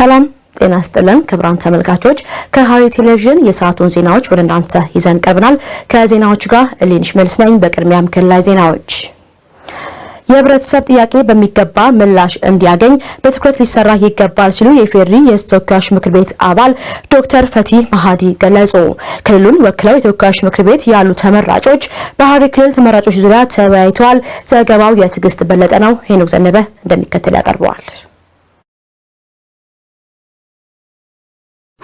ሰላም ጤና ስጥልን ክብራን ተመልካቾች፣ ከሐረሪ ቴሌቪዥን የሰዓቱን ዜናዎች ወደ እናንተ ይዘን ቀርበናል። ከዜናዎቹ ጋር እሌንሽ መልስ ነኝ። በቅድሚያም ክልላዊ ዜናዎች። የህብረተሰብ ጥያቄ በሚገባ ምላሽ እንዲያገኝ በትኩረት ሊሰራ ይገባል ሲሉ የፌሪ የተወካዮች ተወካዮች ምክር ቤት አባል ዶክተር ፈቲ ማሃዲ ገለጹ። ክልሉን ወክለው የተወካዮች ምክር ቤት ያሉ ተመራጮች በሐረሪ ክልል ተመራጮች ዙሪያ ተወያይተዋል። ዘገባው የትዕግስት በለጠ ነው። ሄኖክ ዘነበ እንደሚከተል ያቀርበዋል።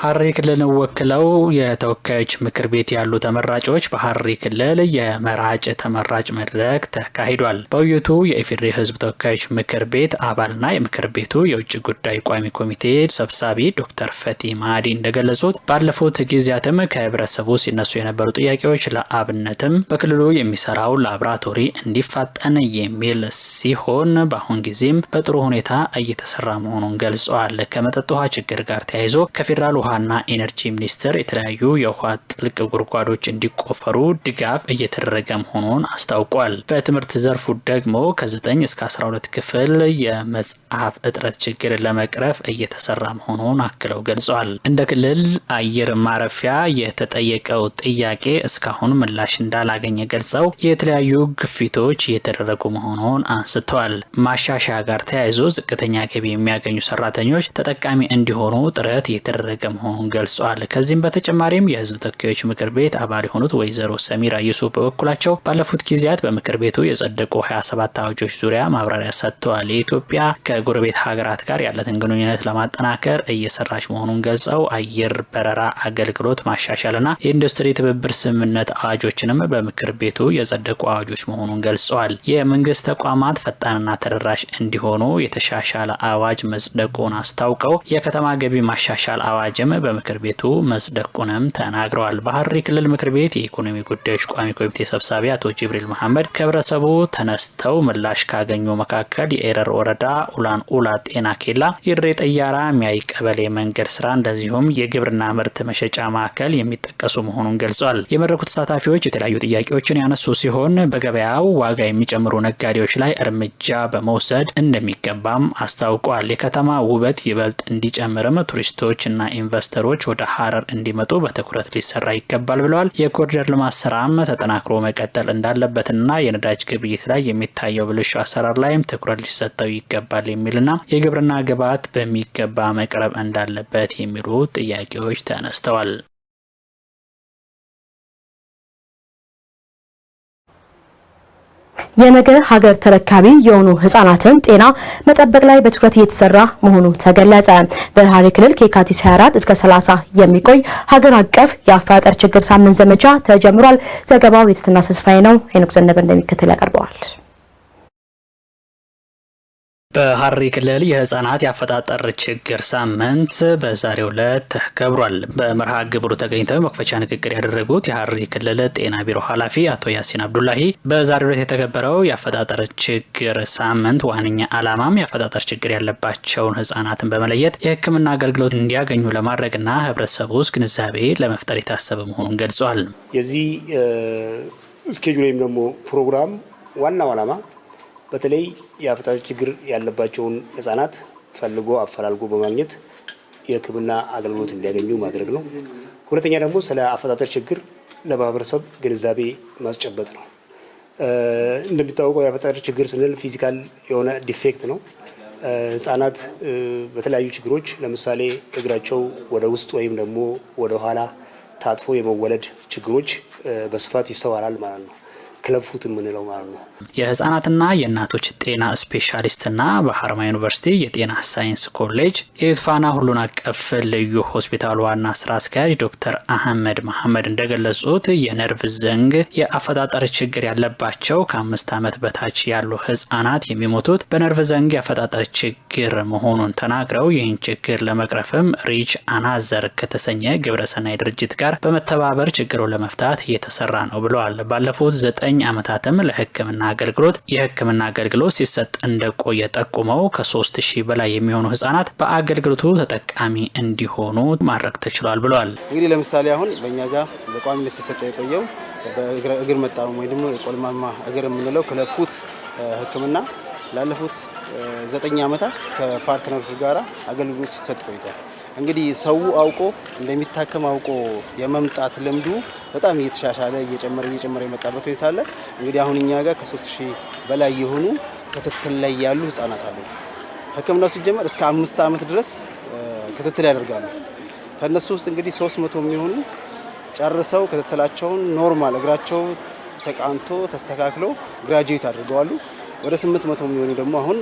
ሀሪ ክልልን ወክለው የተወካዮች ምክር ቤት ያሉ ተመራጮች በሀሪ ክልል የመራጭ ተመራጭ መድረክ ተካሂዷል። በውይይቱ የኢፌዴሪ ሕዝብ ተወካዮች ምክር ቤት አባልና የምክር ቤቱ የውጭ ጉዳይ ቋሚ ኮሚቴ ሰብሳቢ ዶክተር ፈቲ ማዲ እንደገለጹት ባለፉት ጊዜያትም ከህብረተሰቡ ሲነሱ የነበሩ ጥያቄዎች ለአብነትም በክልሉ የሚሰራው ላብራቶሪ እንዲፋጠን የሚል ሲሆን በአሁን ጊዜም በጥሩ ሁኔታ እየተሰራ መሆኑን ገልጸዋል። ከመጠጥ ውሃ ችግር ጋር ተያይዞ ከፌዴራሉ ውሃና ኢነርጂ ሚኒስቴር የተለያዩ የውሃ ጥልቅ ጉድጓዶች እንዲቆፈሩ ድጋፍ እየተደረገ መሆኑን አስታውቋል። በትምህርት ዘርፉ ደግሞ ከ9 እስከ 12 ክፍል የመጽሐፍ እጥረት ችግር ለመቅረፍ እየተሰራ መሆኑን አክለው ገልጿል። እንደ ክልል አየር ማረፊያ የተጠየቀው ጥያቄ እስካሁን ምላሽ እንዳላገኘ ገልጸው የተለያዩ ግፊቶች እየተደረጉ መሆኑን አንስተዋል። ማሻሻያ ጋር ተያይዞ ዝቅተኛ ገቢ የሚያገኙ ሰራተኞች ተጠቃሚ እንዲሆኑ ጥረት እየተደረገ መሆኑን ገልጿል። ከዚህም በተጨማሪም የህዝብ ተወካዮች ምክር ቤት አባል የሆኑት ወይዘሮ ሰሚራ ዩሱፍ በበኩላቸው ባለፉት ጊዜያት በምክር ቤቱ የጸደቁ 27 አዋጆች ዙሪያ ማብራሪያ ሰጥተዋል። የኢትዮጵያ ከጎረቤት ሀገራት ጋር ያለትን ግንኙነት ለማጠናከር እየሰራች መሆኑን ገልጸው አየር በረራ አገልግሎት ማሻሻልና የኢንዱስትሪ ትብብር ስምምነት አዋጆችንም በምክር ቤቱ የጸደቁ አዋጆች መሆኑን ገልጸዋል። የመንግስት ተቋማት ፈጣንና ተደራሽ እንዲሆኑ የተሻሻለ አዋጅ መጽደቁን አስታውቀው የከተማ ገቢ ማሻሻል አዋጅም እንዲሰየም በምክር ቤቱ መጽደቁንም ተናግረዋል። ሐረሪ ክልል ምክር ቤት የኢኮኖሚ ጉዳዮች ቋሚ ኮሚቴ ሰብሳቢ አቶ ጅብሪል መሐመድ ከህብረተሰቡ ተነስተው ምላሽ ካገኙ መካከል የኤረር ወረዳ ኡላን ኡላ ጤና ኬላ፣ የድሬ ጠያራ ሚያይ ቀበሌ መንገድ ስራ እንደዚሁም የግብርና ምርት መሸጫ ማዕከል የሚጠቀሱ መሆኑን ገልጿል። የመድረኩ ተሳታፊዎች የተለያዩ ጥያቄዎችን ያነሱ ሲሆን በገበያው ዋጋ የሚጨምሩ ነጋዴዎች ላይ እርምጃ በመውሰድ እንደሚገባም አስታውቋል። የከተማ ውበት ይበልጥ እንዲጨምርም ቱሪስቶች እና ኢንቨ ኢንቨስተሮች ወደ ሀረር እንዲመጡ በትኩረት ሊሰራ ይገባል ብለዋል። የኮሪደር ልማት ስራም ተጠናክሮ መቀጠል እንዳለበትና የነዳጅ ግብይት ላይ የሚታየው ብልሹ አሰራር ላይም ትኩረት ሊሰጠው ይገባል የሚልና የግብርና ግብዓት በሚገባ መቅረብ እንዳለበት የሚሉ ጥያቄዎች ተነስተዋል። የነገ ሀገር ተረካቢ የሆኑ ህጻናትን ጤና መጠበቅ ላይ በትኩረት እየተሰራ መሆኑ ተገለጸ። በሐረሪ ክልል ከየካቲት 24 እስከ 30 የሚቆይ ሀገር አቀፍ የአፋጠር ችግር ሳምንት ዘመቻ ተጀምሯል። ዘገባው የትትና ተስፋዬ ነው። ሄኖክ ዘነበ እንደሚከተል ያቀርበዋል። በሐረሪ ክልል የህጻናት የአፈጣጠር ችግር ሳምንት በዛሬው ዕለት ተከብሯል። በመርሃ ግብሩ ተገኝተው መክፈቻ ንግግር ያደረጉት የሐረሪ ክልል ጤና ቢሮ ኃላፊ አቶ ያሲን አብዱላሂ በዛሬው ዕለት የተከበረው የአፈጣጠር ችግር ሳምንት ዋነኛ ዓላማም የአፈጣጠር ችግር ያለባቸውን ህጻናትን በመለየት የህክምና አገልግሎት እንዲያገኙ ለማድረግና ህብረተሰቡ ውስጥ ግንዛቤ ለመፍጠር የታሰበ መሆኑን ገልጿል። የዚህ ስኬጁል ወይም ደግሞ ፕሮግራም ዋናው ዓላማ በተለይ የአፍታ ችግር ያለባቸውን ህጻናት ፈልጎ አፈላልጎ በማግኘት የህክምና አገልግሎት እንዲያገኙ ማድረግ ነው። ሁለተኛ ደግሞ ስለ አፈጣጠር ችግር ለማህበረሰብ ግንዛቤ ማስጨበጥ ነው። እንደሚታወቀው የአፈጣጠር ችግር ስንል ፊዚካል የሆነ ዲፌክት ነው። ህጻናት በተለያዩ ችግሮች ለምሳሌ እግራቸው ወደ ውስጥ ወይም ደግሞ ወደ ኋላ ታጥፎ የመወለድ ችግሮች በስፋት ይስተዋላል ማለት ነው። ክለብፉት የምንለው ማለት ነው። የህጻናትና የእናቶች ጤና ስፔሻሊስትና በሀረማ ዩኒቨርሲቲ የጤና ሳይንስ ኮሌጅ የኢትፋና ሁሉን አቀፍ ልዩ ሆስፒታል ዋና ስራ አስኪያጅ ዶክተር አህመድ መሐመድ እንደገለጹት የነርቭ ዘንግ የአፈጣጠር ችግር ያለባቸው ከአምስት ዓመት በታች ያሉ ህጻናት የሚሞቱት በነርቭ ዘንግ የአፈጣጠር ችግር መሆኑን ተናግረው ይህን ችግር ለመቅረፍም ሪች አናዘር ከተሰኘ ግብረሰናይ ድርጅት ጋር በመተባበር ችግሩን ለመፍታት እየተሰራ ነው ብለዋል። ባለፉት ዘጠኝ ዘጠኝ ዓመታትም ለህክምና አገልግሎት የህክምና አገልግሎት ሲሰጥ እንደቆየ ጠቁመው ከ 3000 ሺህ በላይ የሚሆኑ ህጻናት በአገልግሎቱ ተጠቃሚ እንዲሆኑ ማድረግ ተችሏል ብለዋል። እንግዲህ ለምሳሌ አሁን በእኛ ጋር በቋሚነት ሲሰጠ የቆየው በእግር መጣመም ወይ ደግሞ የቆልማማ እግር የምንለው ክለፉት ህክምና ላለፉት ዘጠኝ ዓመታት ከፓርትነሮች ጋር አገልግሎት ሲሰጥ ቆይቷል። እንግዲህ ሰው አውቆ እንደሚታከም አውቆ የመምጣት ልምዱ በጣም እየተሻሻለ እየጨመረ እየጨመረ የመጣበት ሁኔታ አለ። እንግዲህ አሁን እኛ ጋር ከሶስት ሺህ በላይ የሆኑ ክትትል ላይ ያሉ ህጻናት አሉ። ህክምናው ሲጀመር እስከ አምስት ዓመት ድረስ ክትትል ያደርጋሉ። ከእነሱ ውስጥ እንግዲህ ሶስት መቶ የሚሆኑ ጨርሰው ክትትላቸውን ኖርማል እግራቸው ተቃንቶ ተስተካክለው ግራጁዌት አድርገዋሉ። ወደ 800 የሚሆኑ ደግሞ አሁን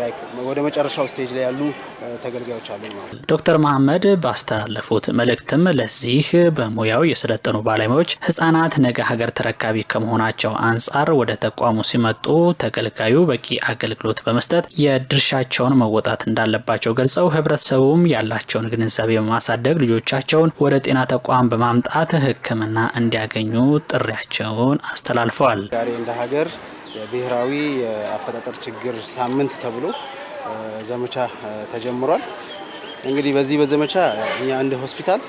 ላይክ ወደ መጨረሻው ስቴጅ ላይ ያሉ ተገልጋዮች አሉ ነው። ዶክተር መሀመድ ባስተላለፉት መልእክትም ለዚህ በሙያው የሰለጠኑ ባለሙያዎች ህጻናት ነገ ሀገር ተረካቢ ከመሆናቸው አንጻር ወደ ተቋሙ ሲመጡ ተገልጋዩ በቂ አገልግሎት በመስጠት የድርሻቸውን መወጣት እንዳለባቸው ገልጸው ህብረተሰቡም ያላቸውን ግንዛቤ በማሳደግ ልጆቻቸውን ወደ ጤና ተቋም በማምጣት ሕክምና እንዲያገኙ ጥሪያቸውን አስተላልፈዋል። ዛሬ እንደ ሀገር የብሔራዊ የአፈጣጠር ችግር ሳምንት ተብሎ ዘመቻ ተጀምሯል። እንግዲህ በዚህ በዘመቻ እኛ እንደ ሆስፒታል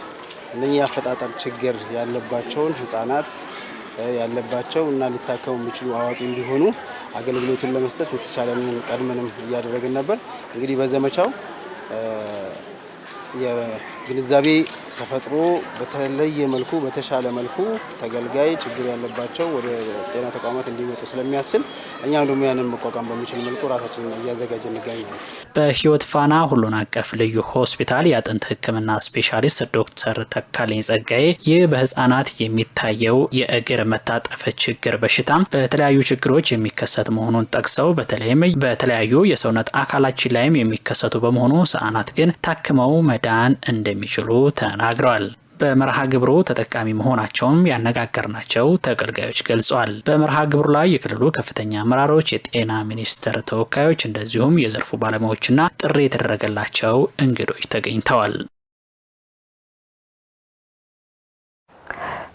እነኚህ የአፈጣጠር ችግር ያለባቸውን ህጻናት ያለባቸው እና ሊታከሙ የሚችሉ አዋቂ እንዲሆኑ አገልግሎቱን ለመስጠት የተቻለንን ቀድመንም እያደረግን ነበር። እንግዲህ በዘመቻው የግንዛቤ ተፈጥሮ በተለየ መልኩ በተሻለ መልኩ ተገልጋይ ችግር ያለባቸው ወደ ጤና ተቋማት እንዲመጡ ስለሚያስችል እኛም ደግሞ ያንን መቋቋም በሚችል መልኩ ራሳችንን እያዘጋጀ እንገኛለን። በህይወት ፋና ሁሉን አቀፍ ልዩ ሆስፒታል የአጥንት ሕክምና ስፔሻሊስት ዶክተር ተካልኝ ጸጋዬ ይህ በህጻናት የሚታየው የእግር መታጠፍ ችግር በሽታ በተለያዩ ችግሮች የሚከሰት መሆኑን ጠቅሰው በተለይም በተለያዩ የሰውነት አካላችን ላይም የሚከሰቱ በመሆኑ ህጻናት ግን ታክመው መዳን እንደሚችሉ ተናል። ተናግረዋል። በመርሃ ግብሩ ተጠቃሚ መሆናቸውም ያነጋገርናቸው ተገልጋዮች ገልጿል። በመርሃ ግብሩ ላይ የክልሉ ከፍተኛ አመራሮች፣ የጤና ሚኒስቴር ተወካዮች እንደዚሁም የዘርፉ ባለሙያዎችና ጥሪ የተደረገላቸው እንግዶች ተገኝተዋል።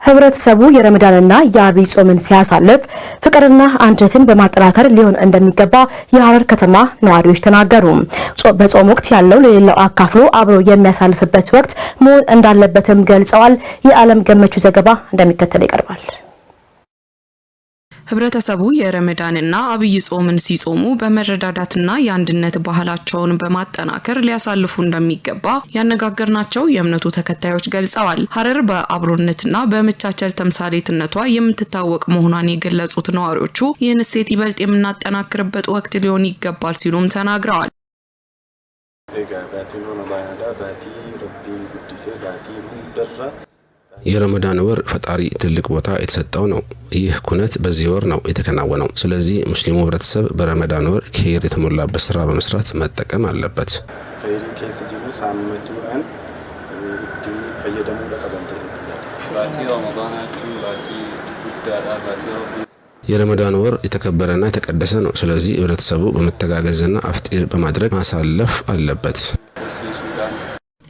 ህብረተሰቡ የረመዳንና የአብይ ጾምን ሲያሳልፍ ፍቅርና አንድነትን በማጠናከር ሊሆን እንደሚገባ የሐረር ከተማ ነዋሪዎች ተናገሩ። በጾም ወቅት ያለው ለሌላው አካፍሎ አብሮ የሚያሳልፍበት ወቅት መሆን እንዳለበትም ገልጸዋል። የዓለም ገመቹ ዘገባ እንደሚከተል ይቀርባል። ህብረተሰቡ የረመዳንና አብይ ጾምን ሲጾሙ በመረዳዳትና የአንድነት ባህላቸውን በማጠናከር ሊያሳልፉ እንደሚገባ ያነጋገርናቸው የእምነቱ ተከታዮች ገልጸዋል። ሀረር በአብሮነትና በመቻቸል ተምሳሌትነቷ የምትታወቅ መሆኗን የገለጹት ነዋሪዎቹ ይህን እሴት ይበልጥ የምናጠናክርበት ወቅት ሊሆን ይገባል ሲሉም ተናግረዋል። የረመዳን ወር ፈጣሪ ትልቅ ቦታ የተሰጠው ነው። ይህ ኩነት በዚህ ወር ነው የተከናወነው። ስለዚህ ሙስሊሙ ህብረተሰብ በረመዳን ወር ኬር የተሞላበት ስራ በመስራት መጠቀም አለበት። የረመዳን ወር የተከበረና የተቀደሰ ነው። ስለዚህ ህብረተሰቡ በመተጋገዝና አፍጢር በማድረግ ማሳለፍ አለበት።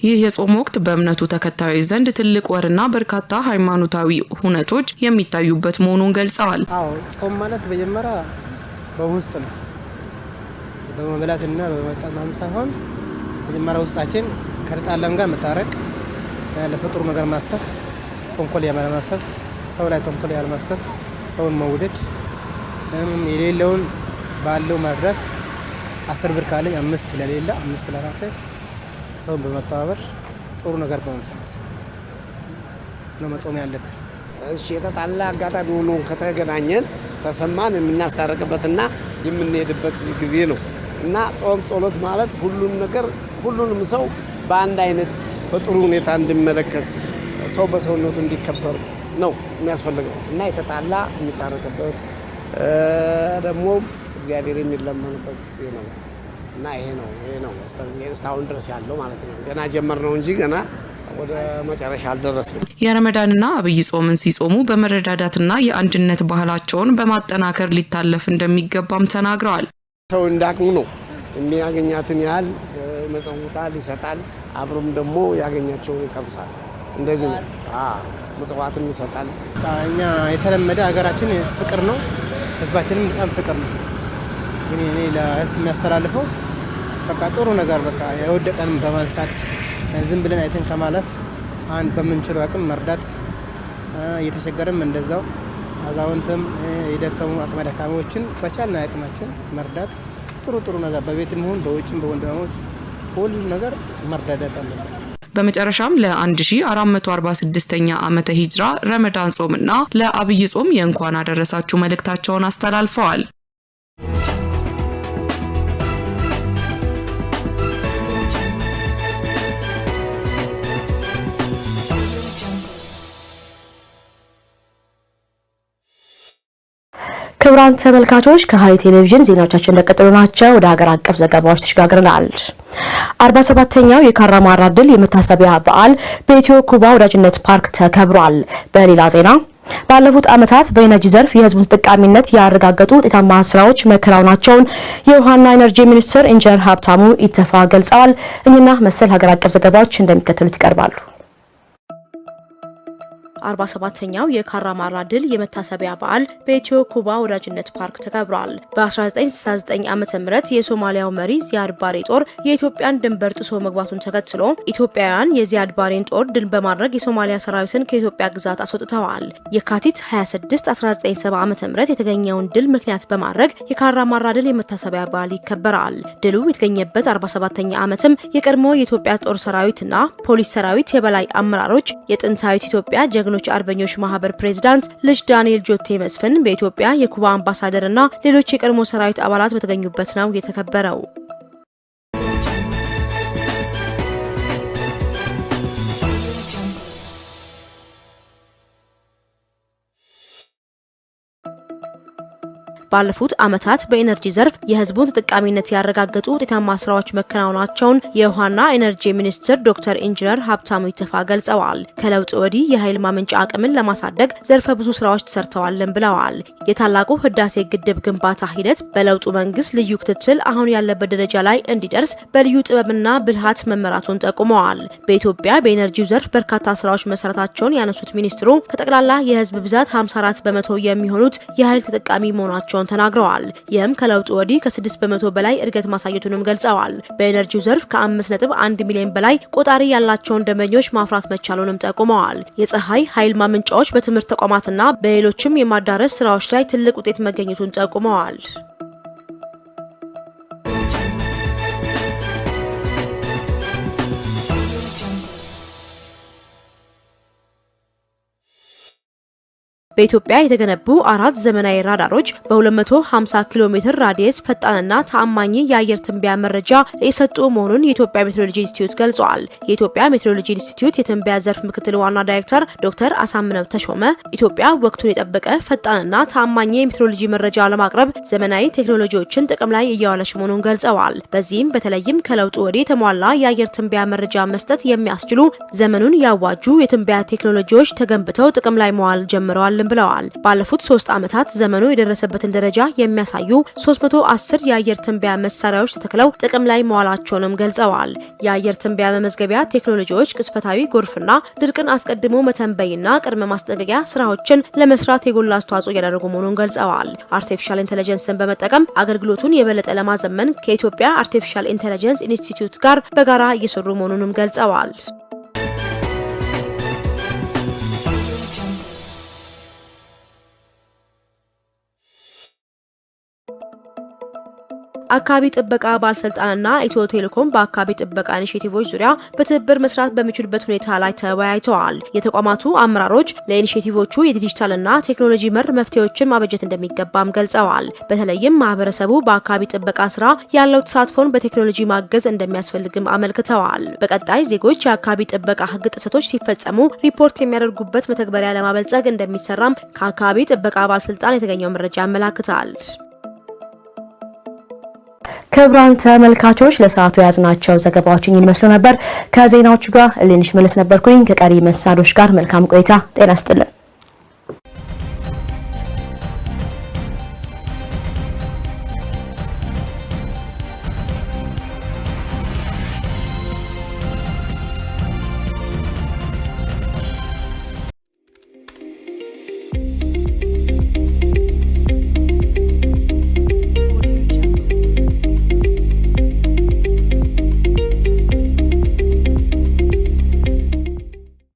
ይህ የጾም ወቅት በእምነቱ ተከታዮች ዘንድ ትልቅ ወርና በርካታ ሃይማኖታዊ ሁነቶች የሚታዩበት መሆኑን ገልጸዋል። አዎ ጾም ማለት መጀመሪያ በውስጥ ነው፣ በመብላትና በመጠጥ ሳይሆን መጀመሪያ ውስጣችን ከተጣለም ጋር መታረቅ፣ ለሰው ጥሩ ነገር ማሰብ፣ ተንኮል ያለማሰብ፣ ሰው ላይ ተንኮል ያለማሰብ፣ ሰውን መውደድ፣ የሌለውን ባለው ማድረግ አስር ብር ካለኝ አምስት ለሌለ አምስት ለራሴ ሰውን በመተባበር ጥሩ ነገር በመፍራት ነው መጾም ያለብን። እሺ የተጣላ አጋጣሚ ሆኖ ከተገናኘን ተሰማን የምናስታረቅበትና የምንሄድበት ጊዜ ነው እና ጾም ጸሎት ማለት ሁሉም ነገር ሁሉንም ሰው በአንድ አይነት በጥሩ ሁኔታ እንዲመለከት ሰው በሰውነቱ እንዲከበር ነው የሚያስፈልገው እና የተጣላ የሚታረቅበት ደግሞ እግዚአብሔር የሚለመንበት ጊዜ ነው። እና ይሄ ነው ይሄ ነው እስካሁን ድረስ ያለው ማለት ነው። ገና ጀመር ነው እንጂ ገና ወደ መጨረሻ አልደረስም። የረመዳንና አብይ ጾምን ሲጾሙ በመረዳዳትና የአንድነት ባህላቸውን በማጠናከር ሊታለፍ እንደሚገባም ተናግረዋል። ሰው እንዳቅሙ ነው የሚያገኛትን ያህል መጽዋዕት ይሰጣል። አብሮም ደግሞ ያገኛቸውን ይቀምሳል። እንደዚህ ነው መጽዋትም ይሰጣል። እኛ የተለመደ ሀገራችን ፍቅር ነው፣ ህዝባችንም በጣም ፍቅር ነው። ግን እኔ ለህዝብ የሚያስተላልፈው በቃ ጥሩ ነገር በቃ የወደቀን በማንሳት ዝም ብለን አይተን ከማለፍ አንድ በምንችለው አቅም መርዳት፣ እየተቸገረም እንደዛው አዛውንትም የደከሙ አቅመ ደካሞችን በቻልና አቅማችን መርዳት ጥሩ ጥሩ ነገር በቤትም ሆን በውጭም በወንድማሞች ሁሉ ነገር መርዳዳት አለበት። በመጨረሻም ለ1446ኛ ዓመተ ሂጅራ ረመዳን ጾምና ለአብይ ጾም የእንኳን አደረሳችሁ መልእክታቸውን አስተላልፈዋል። ክቡራን ተመልካቾች ከሐረሪ ቴሌቪዥን ዜናዎቻችን እንደቀጠሉ ናቸው። ወደ ሀገር አቀፍ ዘገባዎች ተሸጋግረናል። አርባ ሰባተኛው የካራ ማራ ድል የመታሰቢያ በዓል በኢትዮ ኩባ ወዳጅነት ፓርክ ተከብሯል። በሌላ ዜና ባለፉት ዓመታት በኢነርጂ ዘርፍ የህዝቡን ተጠቃሚነት ያረጋገጡ ውጤታማ ስራዎች መከናወናቸውን የውሃና ኢነርጂ ሚኒስትር ኢንጂነር ሀብታሙ ኢተፋ ገልጸዋል። እኚህና መሰል ሀገር አቀፍ ዘገባዎች እንደሚከተሉት ይቀርባሉ። 47ኛው የካራማራ ድል የመታሰቢያ በዓል በኢትዮ ኩባ ወዳጅነት ፓርክ ተከብሯል። በ1969 ዓ ም የሶማሊያው መሪ ዚያድ ባሬ ጦር የኢትዮጵያን ድንበር ጥሶ መግባቱን ተከትሎ ኢትዮጵያውያን የዚያድ ባሬን ጦር ድል በማድረግ የሶማሊያ ሰራዊትን ከኢትዮጵያ ግዛት አስወጥተዋል። የካቲት 26 1970 ዓ ም የተገኘውን ድል ምክንያት በማድረግ የካራማራ ድል የመታሰቢያ በዓል ይከበራል። ድሉ የተገኘበት 47ኛ ዓመትም የቀድሞ የኢትዮጵያ ጦር ሰራዊትና ፖሊስ ሰራዊት የበላይ አመራሮች የጥንታዊት ኢትዮጵያ ጀግ የጀግኖች አርበኞች ማህበር ፕሬዝዳንት ልጅ ዳንኤል ጆቴ መስፍን በኢትዮጵያ የኩባ አምባሳደር እና ሌሎች የቀድሞ ሰራዊት አባላት በተገኙበት ነው የተከበረው። ባለፉት ዓመታት በኢነርጂ ዘርፍ የህዝቡን ተጠቃሚነት ያረጋገጡ ውጤታማ ስራዎች መከናወናቸውን የውሃና ኤነርጂ ሚኒስትር ዶክተር ኢንጂነር ሀብታሙ ይተፋ ገልጸዋል። ከለውጥ ወዲህ የኃይል ማመንጫ አቅምን ለማሳደግ ዘርፈ ብዙ ስራዎች ተሰርተዋልን ብለዋል። የታላቁ ህዳሴ ግድብ ግንባታ ሂደት በለውጡ መንግስት ልዩ ክትትል አሁን ያለበት ደረጃ ላይ እንዲደርስ በልዩ ጥበብና ብልሃት መመራቱን ጠቁመዋል። በኢትዮጵያ በኢነርጂው ዘርፍ በርካታ ስራዎች መሰረታቸውን ያነሱት ሚኒስትሩ ከጠቅላላ የህዝብ ብዛት 54 በመቶ የሚሆኑት የኃይል ተጠቃሚ መሆናቸውን መድረሳቸውን ተናግረዋል። ይህም ከለውጡ ወዲህ ከስድስት በመቶ በላይ እድገት ማሳየቱንም ገልጸዋል። በኤነርጂው ዘርፍ ከ አንድ ሚሊዮን በላይ ቆጣሪ ያላቸውን ደንበኞች ማፍራት መቻሉንም ጠቁመዋል። የፀሐይ ኃይል ማመንጫዎች በትምህርት ተቋማትና በሌሎችም የማዳረስ ስራዎች ላይ ትልቅ ውጤት መገኘቱን ጠቁመዋል። በኢትዮጵያ የተገነቡ አራት ዘመናዊ ራዳሮች በ250 ኪሎ ሜትር ራዲየስ ፈጣንና ተአማኝ የአየር ትንበያ መረጃ የሰጡ መሆኑን የኢትዮጵያ ሜትሮሎጂ ኢንስቲትዩት ገልጿል። የኢትዮጵያ ሜትሮሎጂ ኢንስቲትዩት የትንበያ ዘርፍ ምክትል ዋና ዳይሬክተር ዶክተር አሳምነው ተሾመ ኢትዮጵያ ወቅቱን የጠበቀ ፈጣንና ተአማኝ የሜትሮሎጂ መረጃ ለማቅረብ ዘመናዊ ቴክኖሎጂዎችን ጥቅም ላይ እያዋለች መሆኑን ገልጸዋል። በዚህም በተለይም ከለውጡ ወዲህ የተሟላ የአየር ትንበያ መረጃ መስጠት የሚያስችሉ ዘመኑን ያዋጁ የትንበያ ቴክኖሎጂዎች ተገንብተው ጥቅም ላይ መዋል ጀምረዋል። ብለዋል። ባለፉት ሶስት ዓመታት ዘመኑ የደረሰበትን ደረጃ የሚያሳዩ 310 የአየር ትንበያ መሳሪያዎች ተተክለው ጥቅም ላይ መዋላቸውንም ገልጸዋል። የአየር ትንበያ መመዝገቢያ ቴክኖሎጂዎች ቅስፈታዊ ጎርፍና ድርቅን አስቀድሞ መተንበይና ቅድመ ማስጠንቀቂያ ስራዎችን ለመስራት የጎላ አስተዋጽኦ እያደረጉ መሆኑን ገልጸዋል። አርቲፊሻል ኢንቴሊጀንስን በመጠቀም አገልግሎቱን የበለጠ ለማዘመን ከኢትዮጵያ አርቲፊሻል ኢንቴሊጀንስ ኢንስቲትዩት ጋር በጋራ እየሰሩ መሆኑንም ገልጸዋል። አካባቢ ጥበቃ ባለስልጣንና ኢትዮ ቴሌኮም በአካባቢ ጥበቃ ኢኒሽቲቮች ዙሪያ በትብብር መስራት በሚችሉበት ሁኔታ ላይ ተወያይተዋል። የተቋማቱ አመራሮች ለኢኒሽቲቮቹ የዲጂታልና ቴክኖሎጂ መር መፍትሄዎችን ማበጀት እንደሚገባም ገልጸዋል። በተለይም ማህበረሰቡ በአካባቢ ጥበቃ ስራ ያለው ተሳትፎን በቴክኖሎጂ ማገዝ እንደሚያስፈልግም አመልክተዋል። በቀጣይ ዜጎች የአካባቢ ጥበቃ ህግ ጥሰቶች ሲፈጸሙ ሪፖርት የሚያደርጉበት መተግበሪያ ለማበልጸግ እንደሚሰራም ከአካባቢ ጥበቃ ባለስልጣን የተገኘው መረጃ ያመላክታል። ክቡራን ተመልካቾች ለሰዓቱ የያዝናቸው ዘገባዎችን ይመስሉ ነበር። ከዜናዎቹ ጋር እልንሽ መለስ ነበርኩኝ። ከቀሪ መሳዶች ጋር መልካም ቆይታ። ጤና ይስጥልን።